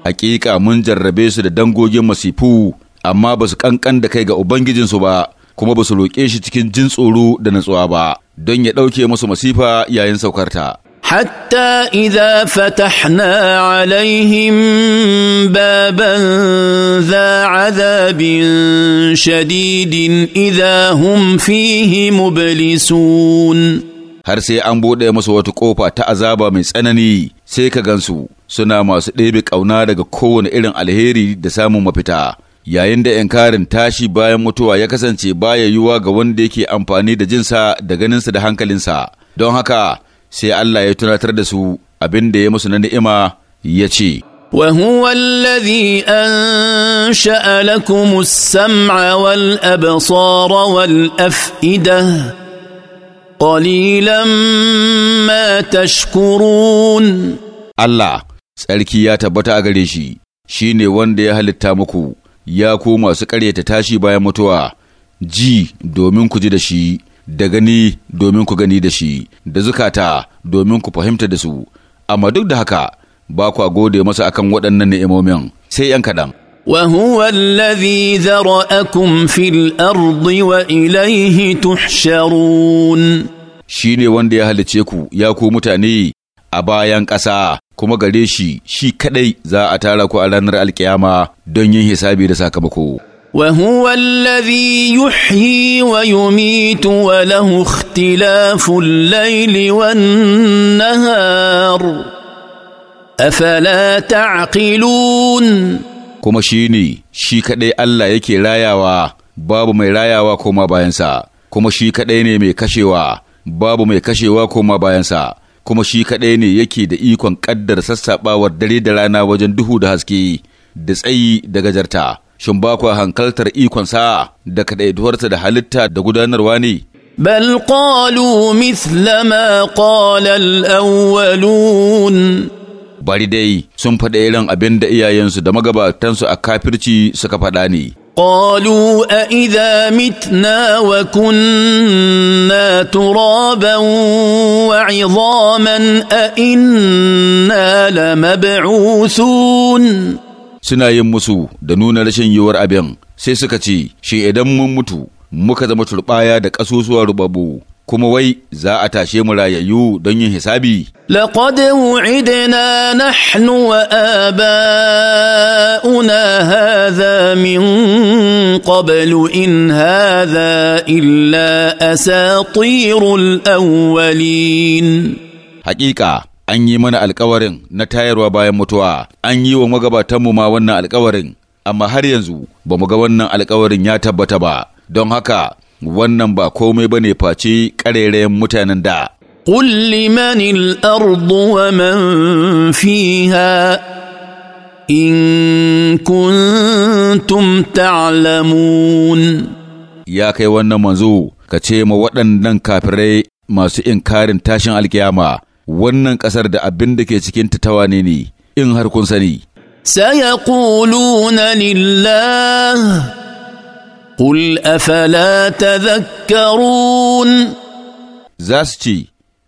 [SPEAKER 2] Haƙiƙa mun jarrabe su da dangogin masifu amma ba su kankan da kai ga ubangijinsu ba kuma ba su roƙe shi cikin jin tsoro da natsuwa ba don ya ɗauke musu masifa yayin saukarta
[SPEAKER 1] حتى اذا فتحنا عليهم بابا ذا عذاب شديد اذا هم فيه
[SPEAKER 2] مبلسون har sai an buɗe masa wata ƙofa ta azaba mai tsanani sai ka gansu suna masu ɗebe ƙauna daga kowane irin alheri da samun mafita yayin da inkarin tashi bayan mutuwa ya kasance baya yiwuwa ga wanda yake amfani da jinsa da ganinsa da hankalinsa don haka sai Allah ya tunatar da su abin da ya musu na ni'ima ya ce,
[SPEAKER 1] وهو الذي أنشأ لكم wal والأبصار
[SPEAKER 2] والأفئدة قليلا ما تشكرون الله tsarki ya tabbata a gare shi shine ne wanda ya halitta muku ya ko masu ƙaryata tashi bayan mutuwa ji domin ku ji da shi da gani domin ku gani da shi, da zukata domin ku fahimta da su, amma duk da haka ba kwa gode masa akan waɗannan ni'imomin sai ‘yan kaɗan.
[SPEAKER 1] وهو fil ذرأكم في الأرض وإليه
[SPEAKER 2] Shi ne wanda ya halicce ku ya ku mutane a bayan ƙasa kuma gare shi shi kaɗai. za a tara ku a ranar alkiyama don yin hisabi da sakamako.
[SPEAKER 1] وهو الذي يحيي ويميت وله اختلاف الليل والنهار افلا تعقلون
[SPEAKER 2] kuma shi ne shi kaɗai Allah yake rayawa babu mai rayawa koma bayansa kuma shi kaɗai ne mai kashewa babu mai kashewa koma bayansa kuma shi kaɗai ne yake da ikon ƙaddar sassaɓawar dare da rana wajen duhu da haske da tsayi da gajarta shin ba kwa hankaltar ikonsa da kaɗaituwarsa da halitta da gudanarwa ne? Bal ƙolu mithla ƙolal qala al-awwalun Bari dai sun faɗa irin abin da iyayensu da magabatansu a kafirci suka faɗa ne.
[SPEAKER 1] قالوا أإذا متنا وكنا ترابا وعظاما أإنا
[SPEAKER 2] لمبعوثون suna yin musu da nuna rashin yiwuwar abin sai suka ce shi idan mun mutu muka zama turɓaya da ƙasusuwar rubabu kuma wai za a tashe mu rayayyu don yin hisabi
[SPEAKER 1] laqad wu'idna nahnu wa aba'una hadha min qablu in hadha illa
[SPEAKER 2] asatirul awwalin haƙiƙa an yi mana alkawarin na tayarwa bayan mutuwa an yi wa magabatanmu ma wannan alkawarin amma har yanzu ba mu ga wannan alkawarin ya tabbata ba don haka wannan ba komai ba ne face ƙarerayen mutanen da
[SPEAKER 1] قل لمن الأرض ومن فيها إن
[SPEAKER 2] كنتم تعلمون يا كي wannan manzo ka ce ma waɗannan kafirai masu inkarin tashin alkiyama wannan ƙasar da abin da ke cikinta tawane ne in har kun sani.
[SPEAKER 1] سيقولون لله قل
[SPEAKER 2] Za su ce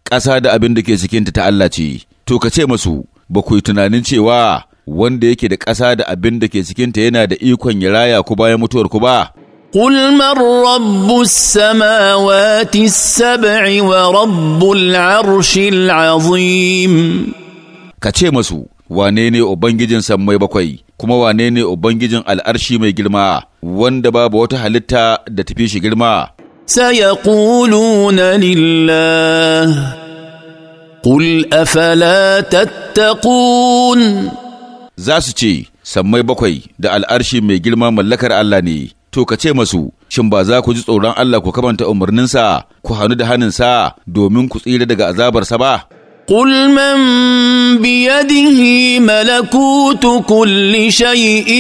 [SPEAKER 2] ƙasa da abin da ke cikinta ta Allah ce, to ka ce masu ba ku yi tunanin cewa wanda yake da ƙasa da abin da ke cikinta yana da ikon ya raya ku bayan mutuwar ku ba.
[SPEAKER 1] قل من رب
[SPEAKER 2] السماوات السبع ورب Ka ce كتشي مسو وانيني أبنجي سمي بكوي kuma wanene Ubangijin al'arshi mai girma, wanda babu wata halitta da tafi shi girma?
[SPEAKER 1] Sayaƙuluna lillah, ƙul afala tattaqun.
[SPEAKER 2] Za su ce, sammai bakwai da al'arshi mai girma mallakar Allah ne. to ka ce masu, shin ba za ku ji tsoron Allah ku kamanta umarninsa, ku hannu da hannunsa domin ku tsira daga azabarsa ba? قل
[SPEAKER 1] من بيده ملكوت كل شيء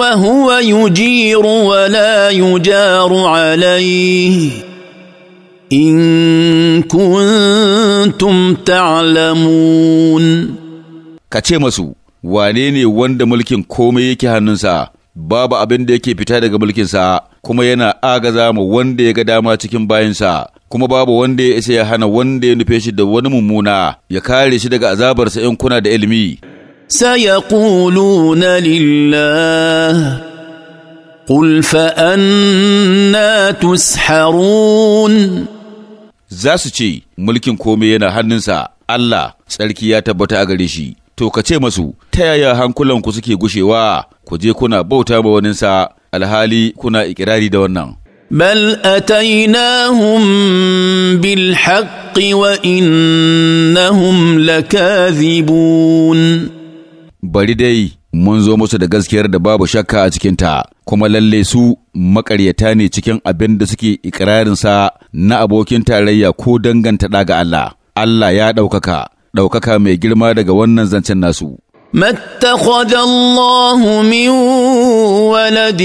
[SPEAKER 1] وهو يجير ولا يجار عليه ان كنتم تعلمون
[SPEAKER 2] كتشي مسو wane ne wanda mulkin komai yake hannunsa babu abin da yake fita daga mulkinsa kuma yana agaza ma wanda ya ga dama cikin bayansa kuma babu wanda ya isa ya hana wanda ya nufe shi da wani mummuna ya kare shi daga azabarsa in kuna da ilimi
[SPEAKER 1] سيقولون
[SPEAKER 2] لله قل za su ce mulkin kome yana hannunsa Allah tsarki ya tabbata a gare shi to ka ce masu ta yaya hankulanku suke gushewa ku je kuna bauta ma waninsa alhali kuna ikirari da wannan. Bal
[SPEAKER 1] atainahum bil haqqi wa innahum
[SPEAKER 2] lakazibun. Bari dai mun zo musu da gaskiyar da babu shakka a cikinta, kuma lalle su makaryata ne cikin abin da suke ikirarinsa na abokin tarayya ko danganta ɗaga Allah. Allah ya ɗaukaka, ɗaukaka mai girma daga wannan zancen nasu.
[SPEAKER 1] ما اتخذ الله من ولد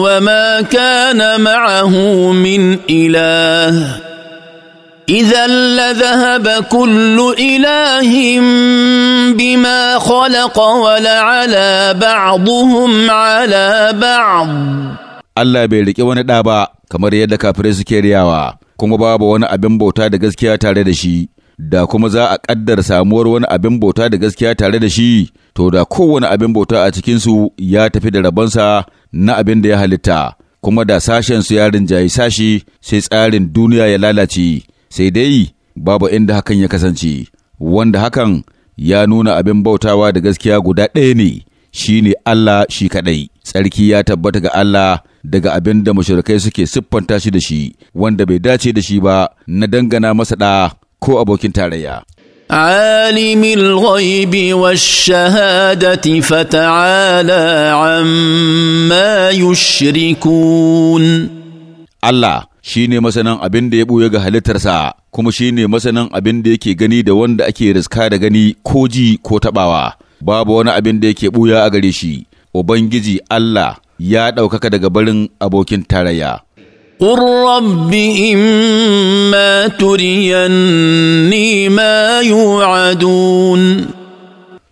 [SPEAKER 1] وما كان معه من اله اذا لذهب كل اله بما خلق ولعلى بعضهم على بعض
[SPEAKER 2] Allah bai riƙe wani ɗa ba kamar yadda kafirai suke riyawa kuma babu wani abin bauta da gaskiya tare da shi da kuma za a ƙaddar samuwar wani abin bauta da gaskiya tare da shi, to da kowane abin bauta a cikinsu ya tafi da rabonsa na abin da ya halitta, kuma da sashensu ya rinjayi sashi sai tsarin duniya ya lalace, sai dai babu inda hakan ya kasance, wanda hakan ya nuna abin bautawa da gaskiya guda ɗaya ne, shi ne Allah shi kaɗai. Tsarki ya tabbata ga Allah daga abin da mashirkai suke siffanta shi da shi, wanda bai dace da shi ba na dangana masa ɗa. ko abokin tarayya.
[SPEAKER 1] عالم الغيب والشهادة فتعالى
[SPEAKER 2] عما Allah الله shine masanan abin da ya buya ga halittarsa kuma shine masanan abin da yake gani da wanda ake riska da gani ko ji ko taɓawa babu wani abin da yake ɓuya a gare shi ubangiji Allah ya ɗaukaka daga barin abokin tarayya
[SPEAKER 1] قل رب إما تريني ما يوعدون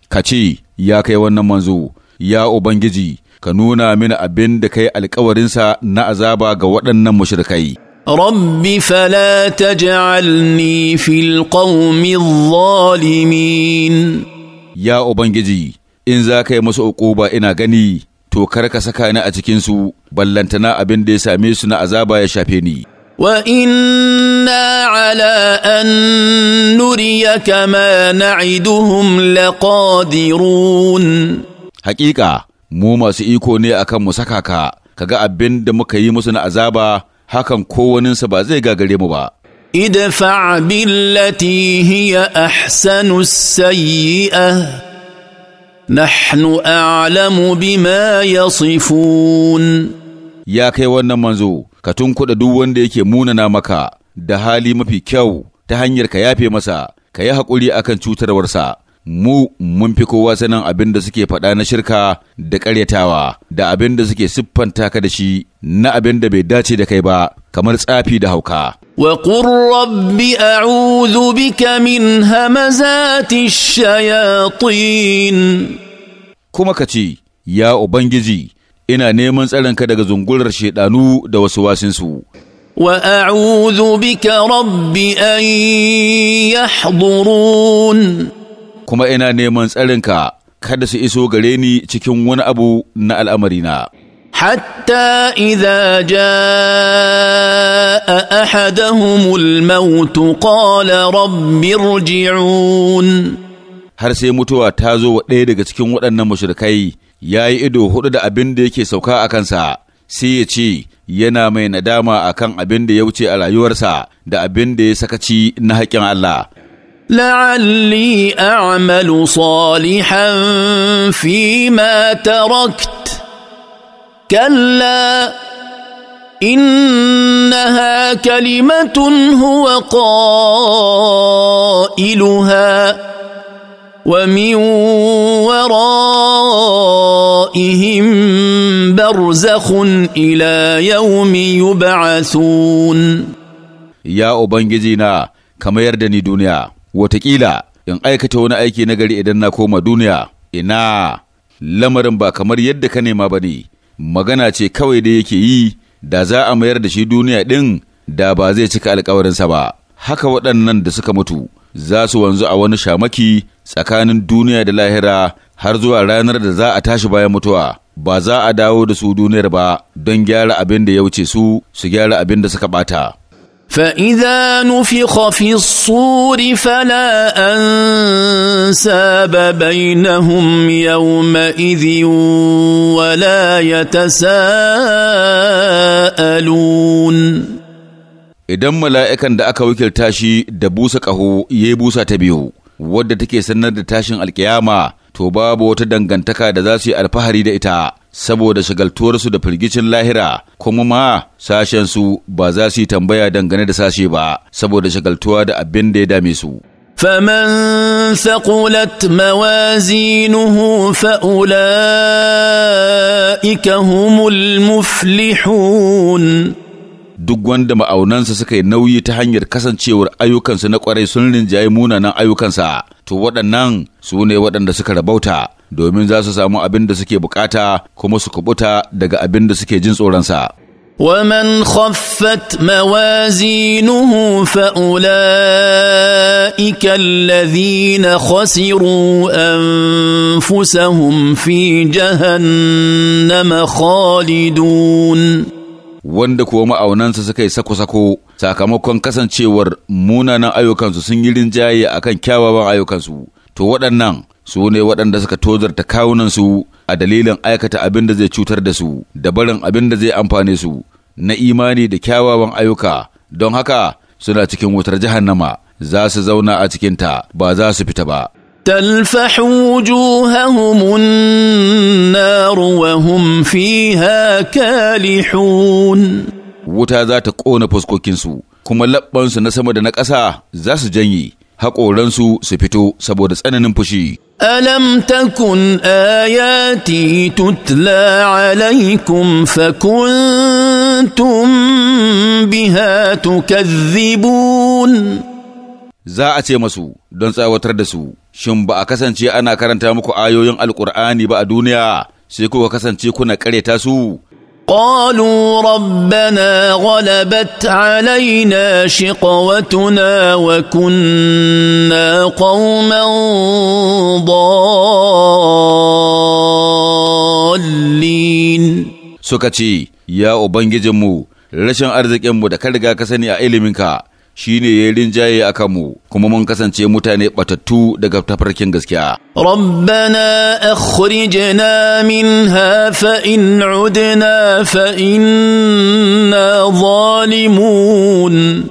[SPEAKER 2] كتي يا كي manzo, ya Ubangiji, ka nuna mini abin da kai alkawarinsa na azaba ga waɗannan mushrikai.
[SPEAKER 1] Rabbi fala taj'alni fil qaumi
[SPEAKER 2] zalimin Ya Ubangiji, in za ka yi masu uquba ina gani to kar ka saka ni a cikinsu ballantana abin da ya same su na azaba ya shafe ni.
[SPEAKER 1] وإنا على أن نريك
[SPEAKER 2] ما نعدهم لقادرون حقيقة mu masu iko ne akan mu saka ka kaga abin da muka yi musu na azaba hakan kowaninsa ba zai gagare mu ba
[SPEAKER 1] idfa billati hiya ahsanu sayyi'ah نحن أعلم بما يصفون
[SPEAKER 2] يا كي wannan manzo ka tunkuɗa duk wanda yake munana maka da hali mafi kyau ta hanyar ka yafe masa ka yi haƙuri akan cutarwarsa mu mun fi kowa sanin abin da suke faɗa na shirka da ƙaryatawa da abin da suke siffanta ka da shi na abin da bai dace da kai ba kamar tsafi da hauka
[SPEAKER 1] وقل رب اعوذ بك من همزات الشياطين
[SPEAKER 2] kuma ka ce ya ubangiji ina neman tsarinka daga zungular shaidanu da wasu wasinsu wa a'udhu bika rabbi an yahdurun kuma ina neman tsarinka, kada su iso gare ni cikin wani abu na al'amarina
[SPEAKER 1] حتى اذا جاء
[SPEAKER 2] احدهم الموت قال رب ارجعون har sai mutuwa ta zo wa ɗaya daga cikin waɗannan mashirkai ya yi ido hudu da abin da yake sauka a kansa sai ya ce yana mai nadama a kan abin da ya wuce a rayuwarsa da abin da ya sakaci na haƙƙin Allah.
[SPEAKER 1] Aamalu أعمل صالحا فيما تركت كلا انها كلمه هو قائلها ومن ورائهم
[SPEAKER 2] برزخ الى يوم يبعثون يا أبنجينا كما يردني دنيا وتكيلا in aikata wani aiki nagari idan na koma duniya ina lamarin ba kamar yadda ka nema ba ne magana ce kawai da yake yi da za a mayar da shi duniya ɗin da ba zai cika alkawarinsa ba haka waɗannan da suka mutu za su wanzu a wani shamaki tsakanin duniya da lahira har zuwa ranar da za a tashi bayan mutuwa ba za a dawo da su duniyar ba don gyara abin da ya wuce su su gyara abin da suka ɓata.
[SPEAKER 1] فاذا نفخ في الصور فلا انساب بينهم يومئذ
[SPEAKER 2] ولا يتساءلون idan mala'ikan da aka wakilta shi da busa ƙaho ya busa ta biyu wadda take sanar da tashin alkiyama to babu wata dangantaka da za su yi alfahari da ita saboda shagaltuwarsu da firgicin lahira kuma ma sashensu ba za su yi tambaya dangane da sashe ba saboda shagaltuwa da abin da ya dame su.
[SPEAKER 1] فمن ثقلت موازينه
[SPEAKER 2] فأولئك هم المفلحون duk wanda ma'aunansa suka yi nauyi ta hanyar kasancewar ayyukansu na ƙwarai sun rinjaye munanan ayyukansa to waɗannan su ne waɗanda suka rabauta domin za su samu abin da suke bukata kuma su kubuta daga abin da suke jin tsoronsa.
[SPEAKER 1] ومن خفت موازينه فأولئك الذين خسروا أنفسهم في جهنم
[SPEAKER 2] خالدون wanda kuwa ma'aunansa suka yi sako-sako sakamakon kasancewar munanan ayyukansu sun yi rinjaye akan kyawawan ayyukansu to waɗannan su ne waɗanda suka tozarta kawunansu a dalilin aikata abin da zai cutar da su da barin abin da zai amfane su na imani da kyawawan ayyuka don haka suna cikin wutar jahannama za su zauna a cikinta ba za su fita ba
[SPEAKER 1] تلفح وجوههم النار وهم فيها
[SPEAKER 2] كالحون wuta za ta ƙona fuskokinsu kuma labbansu na sama da na ƙasa za su janye haƙoransu su fito saboda tsananin fushi.
[SPEAKER 1] ألم تكن آياتي تتلى عليكم فكنتم بها تكذبون
[SPEAKER 2] za a ce masu don tsawatar da su shin ba a kasance ana karanta muku ayoyin Alƙur'ani ba a duniya sai kuka kasance kuna kareta su
[SPEAKER 1] قالوا ربنا غلبت علينا شقوتنا وكنا قوما ضالين
[SPEAKER 2] suka ce ya ubangijinmu rashin arzikinmu da ka riga ka sani a iliminka shi ne ya rinjaye a kanmu kuma mun kasance mutane batattu daga tafarkin gaskiya.
[SPEAKER 1] Rabbana akhrijna minha fa in udna fa inna zalimun.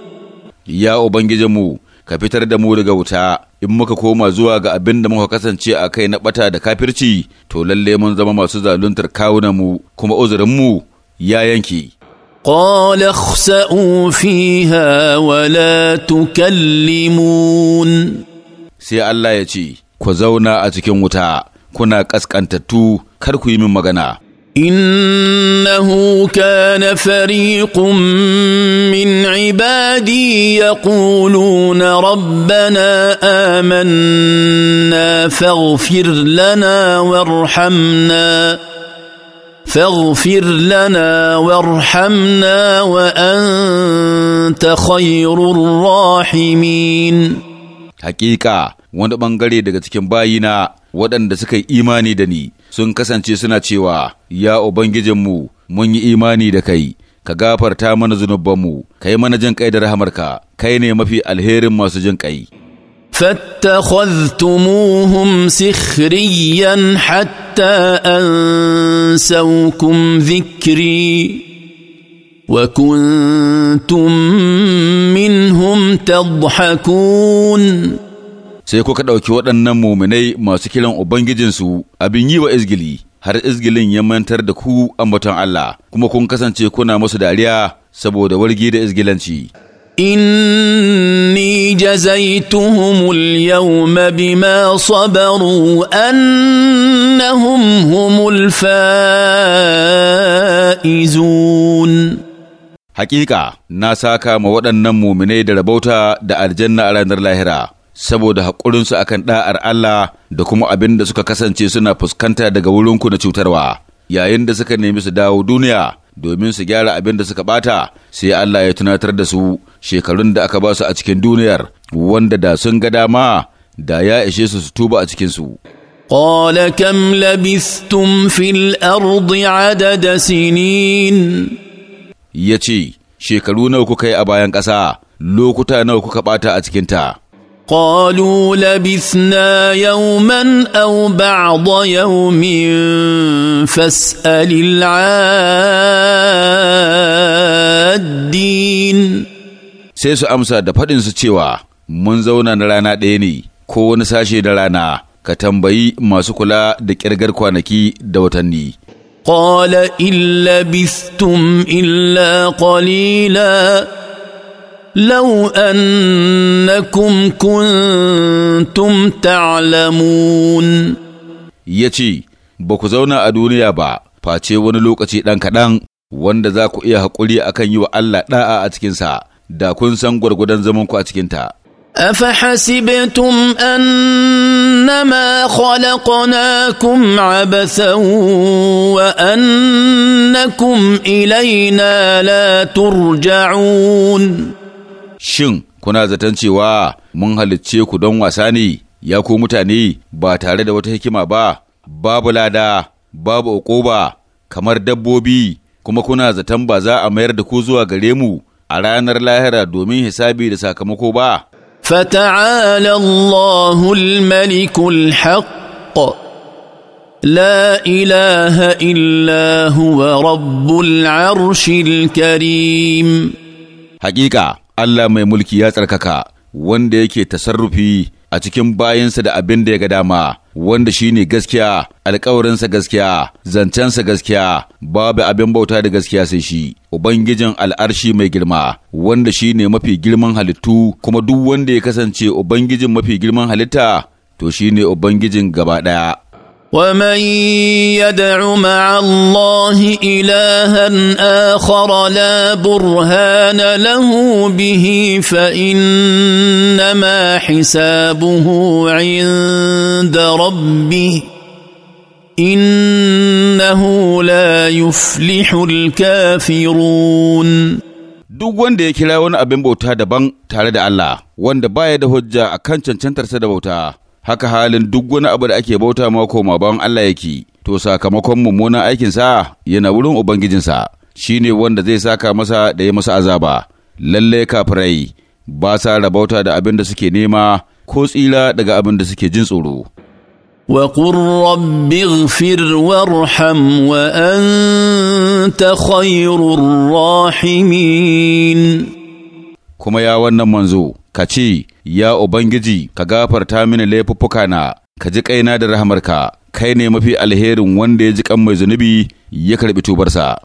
[SPEAKER 2] Ya Ubangijinmu, ka fitar da mu daga wuta, in muka koma zuwa ga abin da muka kasance a kai na bata da kafirci, to lalle mun zama masu zaluntar kawunanmu kuma uzurinmu ya yanke. قال اخسأوا فيها ولا تكلمون sai Allah ya ce, Ku zauna a cikin wuta, kuna ƙasƙantattu, kar ku yi min magana.
[SPEAKER 1] إنه كان فريق من عبادي يقولون ربنا آمنا فاغفر لنا وارحمنا فاغفر لنا وارحمنا
[SPEAKER 2] وأنت خير الراحمين حقيقة wani ɓangare daga cikin bayina waɗanda suka yi imani da ni sun kasance suna cewa ya Ubangijin mu mun yi imani da kai ka gafarta mana zunubanmu kai mana jin kai da rahamarka kai ne mafi alherin masu jin kai
[SPEAKER 1] فاتخذتموهم سخريا حتى انسوكم ذكري وكنتم
[SPEAKER 2] منهم تضحكون sai kuka ɗauki waɗannan muminai masu kiran Ubangijinsu abin yi wa izgili, har izgilin ya mantar da ku ambaton Allah, kuma kun kasance kuna masu dariya saboda wargi da izgilanci.
[SPEAKER 1] اني جزيتهم اليوم بما صبروا انهم هم
[SPEAKER 2] الفائزون Haƙiƙa na saka ma waɗannan muminai da rabauta da aljanna a ranar lahira saboda haƙurinsu akan ɗa'ar Allah da kuma abin da suka kasance suna fuskanta daga wurinku na cutarwa yayin da suka nemi su dawo duniya domin su gyara abin da suka bata sai Allah ya tunatar da su shekarun da aka basu a cikin duniyar wanda da sun ga dama da ya ishe su su tuba a cikin su
[SPEAKER 1] قال كم لبثتم في
[SPEAKER 2] الأرض عدد سنين يتي yi a bayan أبايان Lokuta nawa kuka ɓata a أتكنتا قالوا
[SPEAKER 1] لبثنا يوما او بعض يوم
[SPEAKER 2] فاسال العادين sai su amsa da faɗin su cewa mun zauna na rana ɗaya ne ko wani sashe da rana ka tambayi masu kula da ƙirgar kwanaki da watanni
[SPEAKER 1] قال إن لبثتم إلا قليلاً لو أنكم كنتم تعلمون
[SPEAKER 2] يتي baku zauna a duniya ba face wani lokaci ɗan kaɗan wanda za ku iya haƙuri kan yi wa Allah ɗa'a a cikinsa da kun san gwargwadon zamanku a cikinta.
[SPEAKER 1] أفحسبتم أنما خلقناكم عبثا
[SPEAKER 2] وأنكم إلينا لا ترجعون Shin, kuna zaton cewa mun halicce ku don wasa ne, ya ku mutane ba tare da wata hikima ba, babu lada, babu ƙoba, kamar dabbobi, kuma kuna zaton ba za a mayar da ku zuwa gare mu a ranar lahira domin hisabi da sakamako ba.
[SPEAKER 1] فتعالى الله الملك الحق لا اله
[SPEAKER 2] الا هو رب العرش الكريم حقيقه Allah mai mulki ya tsarkaka wanda yake tasarrufi a cikin bayansa da abin da ya ga dama wanda shine gaskiya alkawarinsa gaskiya zancensa gaskiya babu abin bauta da gaskiya sai shi ubangijin al'arshi mai girma wanda shine mafi girman halittu kuma duk wanda ya kasance ubangijin mafi girman halitta to shine ubangijin gaba ɗaya ومن يدع
[SPEAKER 1] مع الله الها اخر لا برهان له به فانما حسابه عند ربه انه
[SPEAKER 2] لا يفلح الكافرون duk wanda ya kira wani abin bauta daban tare da Allah wanda baya da hujja akan cancantarsa da bauta haka halin duk wani abu da ake bauta ma koma Allah yake to sakamakon mummunan aikinsa yana wurin ubangijinsa shine wanda zai saka masa da ya masa azaba lalle kafirai ba sa rabauta da abin da suke nema ko tsira daga abin da suke jin tsoro
[SPEAKER 1] وقل رب اغفر وارحم
[SPEAKER 2] وانت خير الراحمين kuma ya wannan manzo ka ce, Ya Ubangiji, ka gafarta mini na ka ji kaina da rahamarka, kai ne mafi alherin wanda ya ji kan mai zunubi ya karɓi tubarsa.